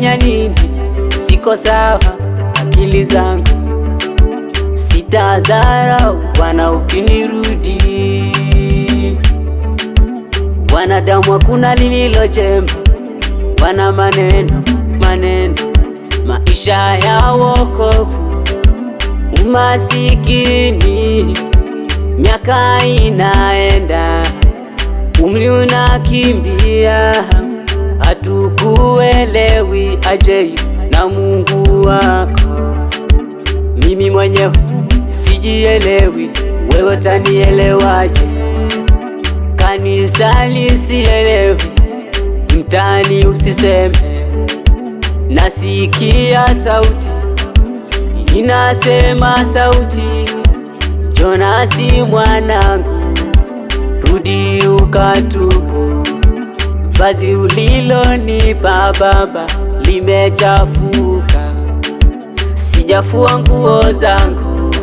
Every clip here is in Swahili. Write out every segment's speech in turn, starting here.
nafanya nini? Siko sawa, akili zangu sitazarau, Bwana ukinirudi. Wanadamu hakuna lililo jema, wana maneno maneno, maisha ya wokovu, umasikini, miaka inaenda, umri unakimbia, hatukuelewi aje na Mungu wako. Mimi mwenyewe sijielewi, wewe utanielewaje? Kanisani sielewi, mtani usiseme. Nasikia sauti inasema, sauti Jonasi mwanangu, rudi ukatubu, vazi baba Baba limechafuka, sijafua nguo zangu,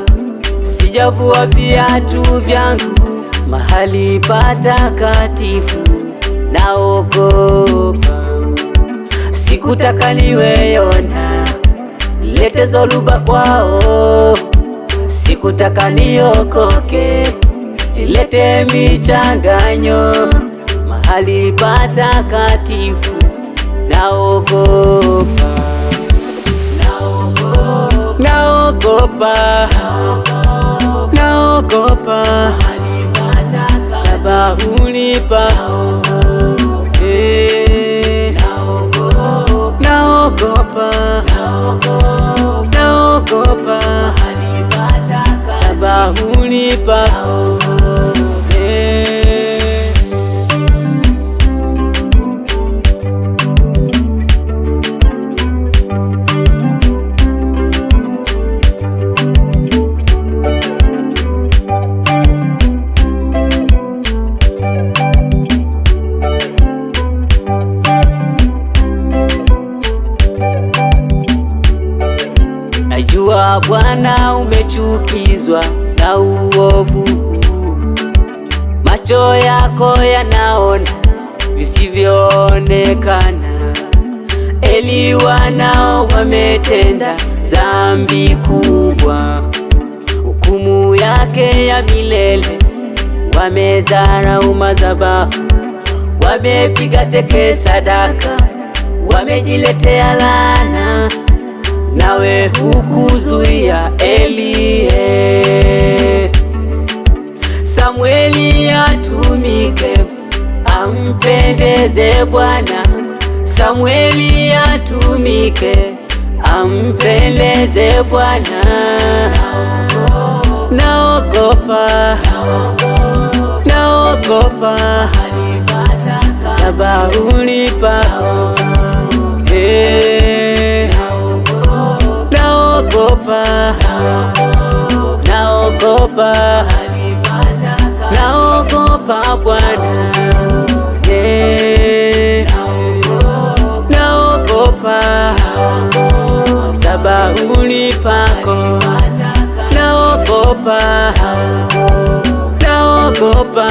sijafua viatu vyangu, mahali patakatifu naogopa, sikutaka niweyona lete zoruba kwao, sikutaka niokoke lete michanganyo mahali patakatifu naogopa, naogopa, naogopa sabahunipa eh. naogopa, naogopa sabahunipa Jua Bwana umechukizwa na uovu, macho yako yanaona visivyoonekana. Eli wanao wametenda dhambi kubwa, hukumu yake ya milele wamedharau madhabahu, wamepiga teke sadaka, wamejiletea laana nawe hukuzuia Elie. Eh. Samweli atumike ampendeze Bwana, Samweli atumike ampendeze Bwana. Naogopa, naogopa sabahuni pako Eh naogopa, naogopa, naogopa Bwana, naogopa sabahuni pako, naogopa, naogopa